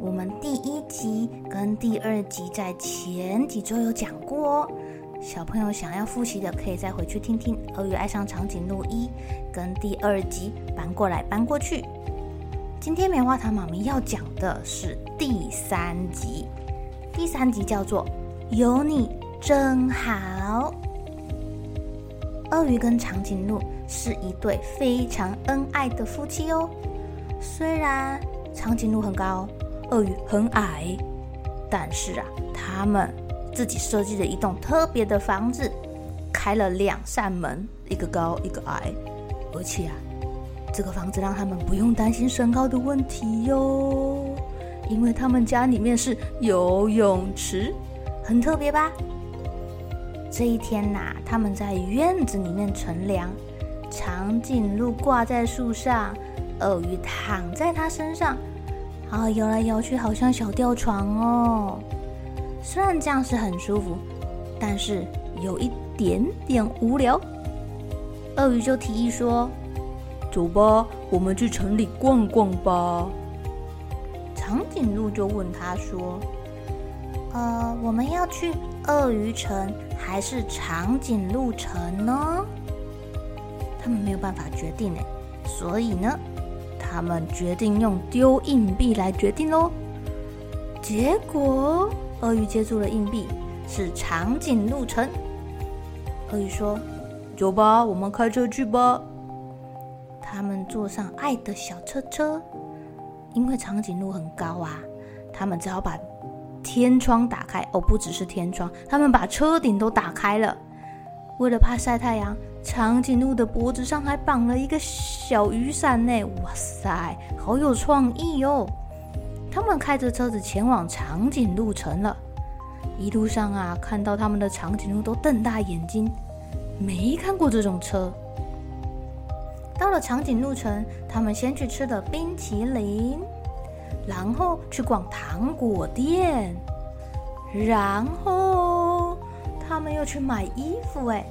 我們第一集跟第二集在前幾周有講過哦，小朋友想要複習的可以再回去聽聽《鱷魚愛上長頸鹿一》跟第二集《搬過來搬過去》。今天棉花糖媽咪要講的是第三集，第三集叫做《有你真好》。鱷魚跟長頸鹿是一對非常恩愛的夫妻哦，雖然長頸鹿很高。鱷魚很矮，但是啊，他們自己設計了一棟特別的房子，開了兩扇門，一個高，一個矮，而且啊，這個房子讓他們不用擔心身高的問題喲，因為他們家裡面是游泳池，很特別吧？這一天吶、啊，他們在院子裡面乘涼，長頸鹿掛在樹上，鱷魚躺在它身上。啊、哦，搖來搖去，好像小吊床哦。雖然這樣是很舒服，但是有一點點無聊。鱷魚就提議說：“走吧，我們去城裡逛逛吧。”長頸鹿就問他說：“呃，我們要去鱷魚城還是長頸鹿城呢？”他們沒有辦法決定哎，所以呢。他們決定用丟硬幣來決定哦。結果，鱷魚接住了硬幣，是長頸鹿程。鱷魚說：“走吧，我們開車去吧。”他們坐上愛的小車車，因為長頸鹿很高啊，他們只好把天窗打開。哦，不只是天窗，他們把車頂都打開了。為了怕曬太陽，長頸鹿的脖子上還綁了一個小雨傘呢。哇塞，好有創意喲、哦！他們開着車子前往長頸鹿城了。一路上啊，看到他們的長頸鹿都瞪大眼睛，沒看過這種車。到了長頸鹿城，他們先去吃的冰淇淋，然後去逛糖果店，然後。他們又去買衣服哎，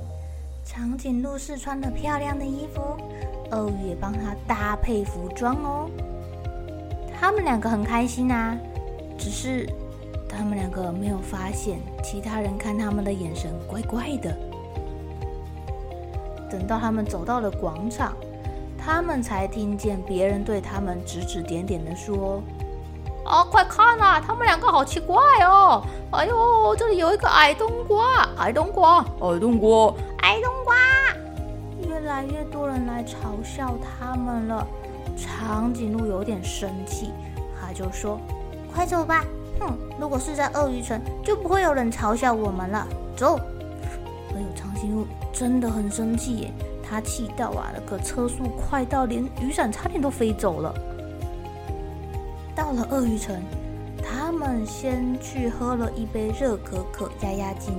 長頸鹿是穿了漂亮的衣服，鱷魚也幫他搭配服裝哦。他們兩個很開心啊，只是他們兩個沒有發現其他人看他們的眼神怪怪的。等到他們走到了廣場，他們才聽見別人對他們指指點點的說。啊、哦，快看吶、啊，他們兩個好奇怪哦！哎呦，這裡有一個矮冬瓜，矮冬瓜，矮冬瓜，矮冬瓜！冬瓜越來越多人來嘲笑他們了，長頸鹿有點生氣，他就說：“快走吧，哼、嗯！如果是在鱷魚城，就不會有人嘲笑我們了。”走！哎呦，長頸鹿真的很生氣耶，他氣到啊，那個車速快到連雨傘差點都飛走了。到了鱷魚城，他們先去喝了一杯熱可可壓壓驚。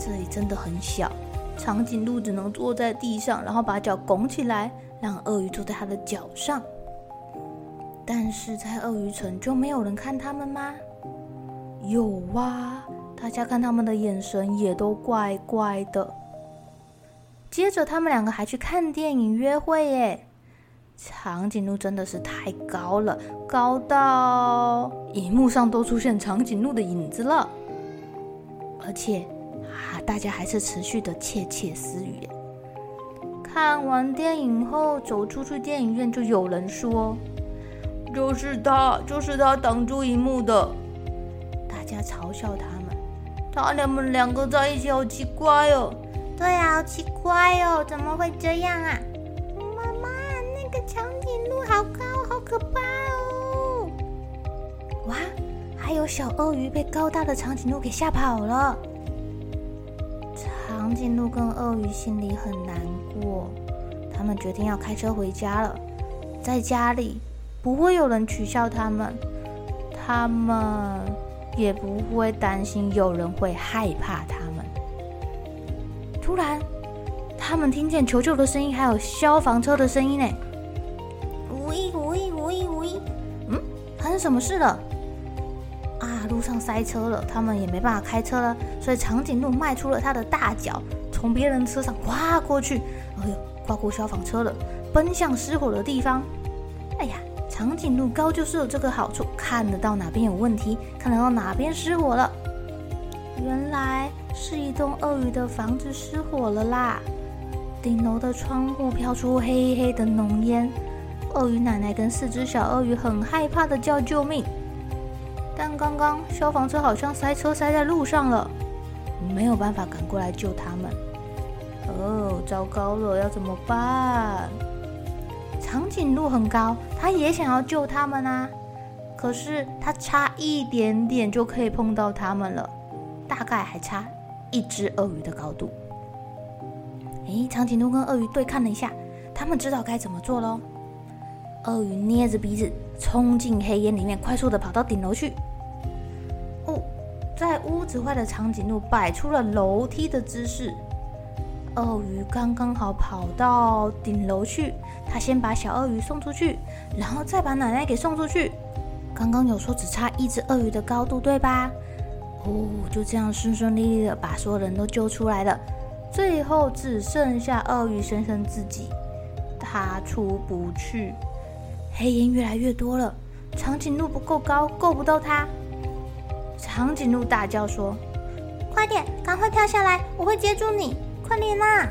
這裡真的很小，長頸鹿只能坐在地上，然後把腳拱起來，讓鱷魚坐在它的腳上。但是在鱷魚城就沒有人看他們嗎？有啊，大家看他們的眼神也都怪怪的。接着，他們兩個還去看電影約會耶。長頸鹿真的是太高了，高到熒幕上都出現長頸鹿的影子了。而且啊，大家還是持續的竊竊私語。看完電影後走出去電影院，就有人說：“就是他，就是他擋住熒幕的。”大家嘲笑他們：“他們兩個在一起好奇怪哦。”“對啊，好奇怪哦，怎麼會這樣啊？”可怕哦！哇，還有小鱷魚被高大的長頸鹿給嚇跑了。長頸鹿跟鱷魚心裡很難過，他們決定要開車回家了。在家裡不會有人取笑他們，他們也不會擔心有人會害怕他們。突然，他們聽見求救的聲音，還有消防車的聲音呢。什麼事了？啊，路上塞車了，他們也沒辦法開車了，所以長頸鹿邁出了它的大腳，從別人車上跨過去。哎呦，跨過消防車了，奔向失火的地方。哎呀，長頸鹿高就是有這個好處，看得到哪邊有問題，看得到哪邊失火了。原來是一棟鱷魚的房子失火了啦，頂樓的窗戶飄出黑黑的濃煙。鱷魚奶奶跟四隻小鱷魚很害怕的叫救命，但剛剛消防車好像塞車塞在路上了，沒有辦法趕過來救他們。哦，糟糕了，要怎麼辦？長頸鹿很高，它也想要救他們啊，可是它差一點點就可以碰到他們了，大概還差一隻鱷魚的高度。誒，長頸鹿跟鱷魚對看了一下，他們知道該怎麼做嘍。鱷魚捏着鼻子衝進黑煙裡面，快速的跑到頂樓去。哦，在屋子外的長頸鹿擺出了樓梯的姿勢。鱷魚剛剛好跑到頂樓去，他先把小鱷魚送出去，然後再把奶奶給送出去。剛剛有說只差一隻鱷魚的高度，對吧？哦，就這樣順順利利的把所有人都救出來了。最後只剩下鱷魚先生自己，他出不去。黑煙越來越多了，長頸鹿不夠高，夠不到它。長頸鹿大叫說：“快點，趕快跳下來，我會接住你！快點啦！”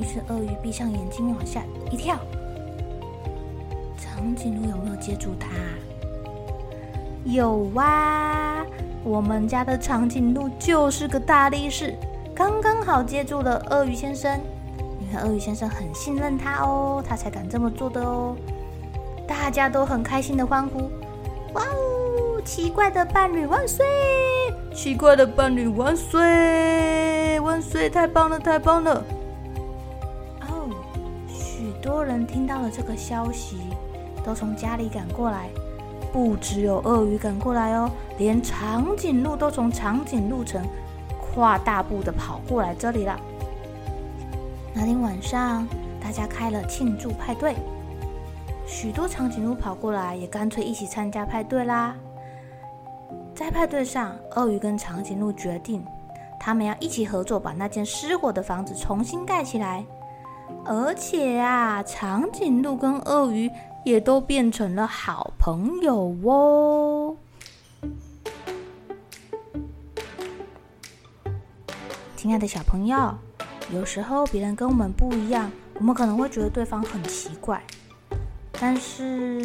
於是鱷魚閉上眼睛往下一跳。長頸鹿有沒有接住它？有啊，我們家的長頸鹿就是個大力士，剛剛好接住了鱷魚先生。因為鱷魚先生很信任他哦，他才敢這麼做的哦。大家都很開心的歡呼：“哇哦，奇怪的伴侶萬歲！奇怪的伴侶萬歲！萬歲！太棒了，太棒了！”哦，許多人聽到了這個消息，都從家裡趕過來。不只有鱷魚趕過來哦，連長頸鹿都從長頸鹿城跨大步的跑過來這裡了。那天晚上，大家開了慶祝派對。許多長頸鹿跑過來，也乾脆一起參加派對啦。在派對上，鱷魚跟長頸鹿決定，他們要一起合作把那間失火的房子重新蓋起來。而且啊，長頸鹿跟鱷魚也都變成了好朋友哦。親愛的小朋友，有時候別人跟我們不一樣，我們可能會覺得對方很奇怪。但是，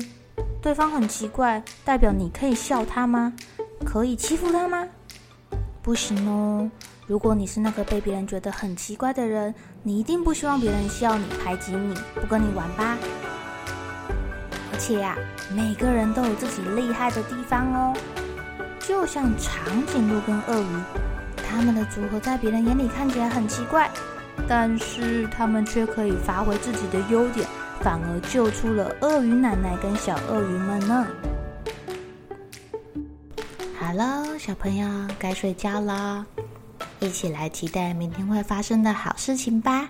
對方很奇怪，代表你可以笑他嗎？可以欺負他嗎？不行哦。如果你是那個被別人覺得很奇怪的人，你一定不希望別人笑你、排擠你、不跟你玩吧？而且呀，每個人都有自己厲害的地方哦。就像長頸鹿跟鱷魚，他們的組合在別人眼裡看起來很奇怪，但是他們卻可以發揮自己的優點。反而救出了鱷魚奶奶跟小鱷魚們呢。好嘍，小朋友，該睡覺啦，一起來期待明天會發生的好事情吧。